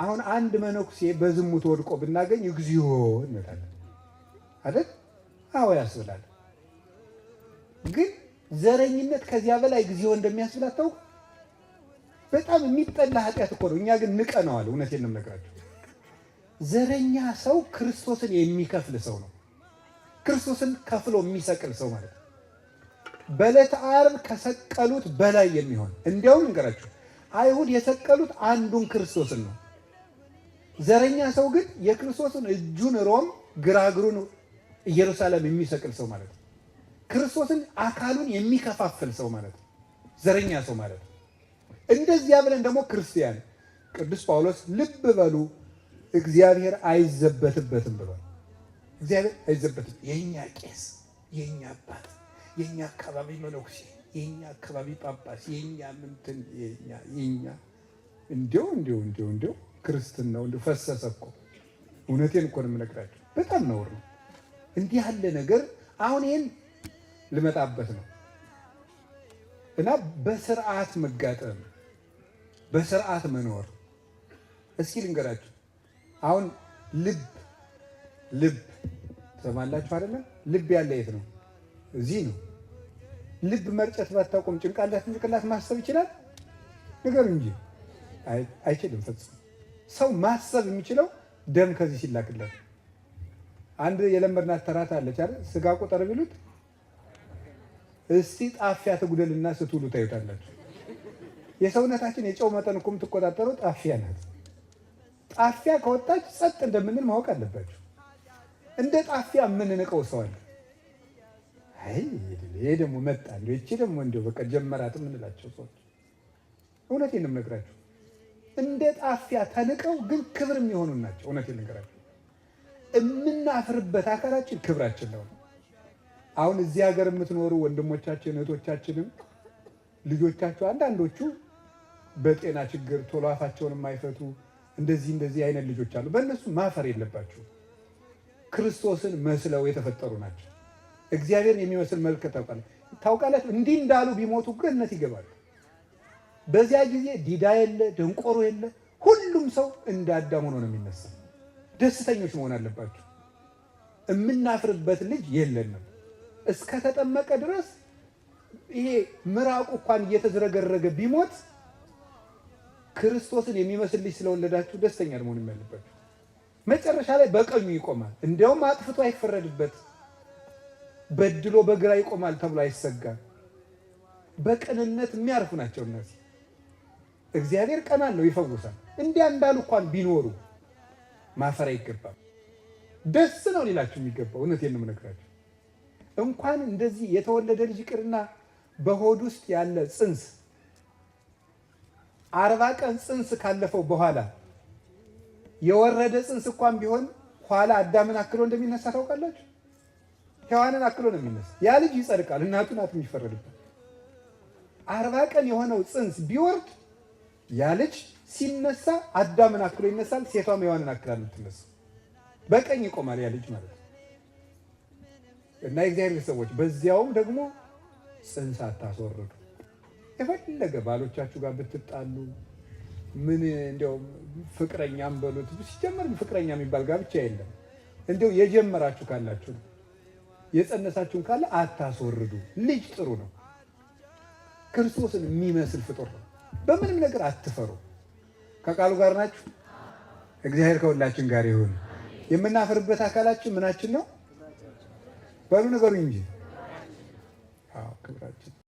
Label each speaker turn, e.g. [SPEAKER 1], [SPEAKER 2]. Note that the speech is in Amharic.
[SPEAKER 1] አሁን አንድ መነኩሴ በዝሙት ወድቆ ብናገኝ እግዚኦ እንላለን አይደል? አዎ ያስብላል። ግን ዘረኝነት ከዚያ በላይ እግዚኦ እንደሚያስብል አታውቁ። በጣም የሚጠላ ኃጢአት እኮ ነው። እኛ ግን ንቀነዋል። እውነቴን ነው የምነግራቸው። ዘረኛ ሰው ክርስቶስን የሚከፍል ሰው ነው። ክርስቶስን ከፍሎ የሚሰቅል ሰው ማለት ነው። በዕለተ ዓርብ ከሰቀሉት በላይ የሚሆን እንዲያውም እንገራችሁ አይሁድ የሰቀሉት አንዱን ክርስቶስን ነው። ዘረኛ ሰው ግን የክርስቶስን እጁን ሮም ግራግሩን ኢየሩሳሌም የሚሰቅል ሰው ማለት ነው። ክርስቶስን አካሉን የሚከፋፍል ሰው ማለት ነው። ዘረኛ ሰው ማለት ነው። እንደዚያ ብለን ደግሞ ክርስቲያን ቅዱስ ጳውሎስ ልብ በሉ እግዚአብሔር አይዘበትበትም ብሏል። እግዚአብሔር አይዘበትም። የእኛ ቄስ፣ የእኛ አባት፣ የእኛ አካባቢ መነኩሴ፣ የእኛ አካባቢ ጳጳስ፣ የእኛ ምንትን፣ የእኛ እንዲው እንዲው እንዲው እንዲው ክርስትናው እንደው ፈሰሰ እኮ። እውነቴን እኮ ነው የምነግራቸው። በጣም ነውር ነው እንዲህ ያለ ነገር። አሁን ይህን ልመጣበት ነው እና በስርዓት መጋጠም፣ በስርዓት መኖር። እስኪ ልንገራችሁ አሁን ልብ ልብ ትሰማላችሁ አይደለም? ልብ ያለ የት ነው? እዚህ ነው። ልብ መርጨት ባታውቁም ጭንቅላት ጭንቅላት ማሰብ ይችላል? ንገሩ እንጂ አይችልም ፈጽሞ። ሰው ማሰብ የሚችለው ደም ከዚህ ሲላክለት። አንድ የለመድናት ተራት አለች አይደል? ስጋ ቁጠር ቢሉት እስቲ ጣፊያ ትጉደልና ስትውሉ ታዩታላችሁ። የሰውነታችን የጨው መጠን እኮ የምትቆጣጠረው ጣፊያ ናት። ጣፊያ ከወጣች ጸጥ እንደምንል ማወቅ አለባችሁ። እንደ ጣፊያ የምንንቀው ሰዋል። ይሄ ደግሞ መጣ፣ እቺ ደግሞ እንዲያው በቃ ጀመራት የምንላቸው ሰዎች እውነቴን ነው የምነግራችሁ እንደ ጣፊያ ተንቀው ግን ክብር የሚሆኑ ናቸው። እውነቴን ልንገራችሁ የምናፍርበት አካላችን ክብራችን ነው። አሁን እዚህ ሀገር የምትኖሩ ወንድሞቻችን እህቶቻችንም ልጆቻቸው አንዳንዶቹ በጤና ችግር ቶሎ አፋቸውን የማይፈቱ እንደዚህ እንደዚህ አይነት ልጆች አሉ። በእነሱ ማፈር የለባቸው። ክርስቶስን መስለው የተፈጠሩ ናቸው። እግዚአብሔርን የሚመስል መልክ ታውቃለ ታውቃለች። እንዲህ እንዳሉ ቢሞቱ ገነት ይገባሉ። በዚያ ጊዜ ዲዳ የለ፣ ደንቆሮ የለ፣ ሁሉም ሰው እንደ አዳም ሆኖ ነው የሚነሳ። ደስተኞች መሆን አለባቸው። የምናፍርበት ልጅ የለንም። እስከተጠመቀ ድረስ ይሄ ምራቁ እንኳን እየተዝረገረገ ቢሞት ክርስቶስን የሚመስል ልጅ ስለወለዳችሁ ደስተኛ መሆን የሚያለባችሁ። መጨረሻ ላይ በቀኙ ይቆማል። እንዲያውም አጥፍቶ አይፈረድበት፣ በድሎ በግራ ይቆማል ተብሎ አይሰጋም። በቅንነት የሚያርፉ ናቸው እነዚህ። እግዚአብሔር ቀና ነው፣ ይፈውሳል። እንዲያ እንዳሉ እንኳን ቢኖሩ ማፈር አይገባም። ደስ ነው ሌላችሁ የሚገባው። እውነቴን ነው የምነግራችሁ። እንኳን እንደዚህ የተወለደ ልጅ ይቅርና በሆድ ውስጥ ያለ ጽንስ አርባ ቀን ጽንስ ካለፈው በኋላ የወረደ ጽንስ እንኳን ቢሆን ኋላ አዳምን አክሎ እንደሚነሳ ታውቃላችሁ። ሔዋንን አክሎ ነው የሚነሳ። ያ ልጅ ይጸድቃል፣ እናቱ ናት የሚፈረድበት። አርባ ቀን የሆነው ጽንስ ቢወርድ ያ ልጅ ሲነሳ አዳምን አክሎ ይነሳል፣ ሴቷም ሔዋንን አክላ የምትነሳ በቀኝ ይቆማል ያ ልጅ ማለት ነው። እና የእግዚአብሔር ሰዎች በዚያውም ደግሞ ጽንስ አታስወርዱ። የፈለገ ባሎቻችሁ ጋር ብትጣሉ ምን እንዲያውም ፍቅረኛም በሉት ሲጀመር ፍቅረኛ የሚባል ጋብቻ የለም። እንዲያው የጀመራችሁ ካላችሁ የጸነሳችሁን ካለ አታስወርዱ። ልጅ ጥሩ ነው። ክርስቶስን የሚመስል ፍጡር ነው። በምንም ነገር አትፈሩ። ከቃሉ ጋር ናችሁ። እግዚአብሔር ከሁላችን ጋር ይሁን። የምናፍርበት አካላችን ምናችን ነው? በሉ ነገሩ እንጂ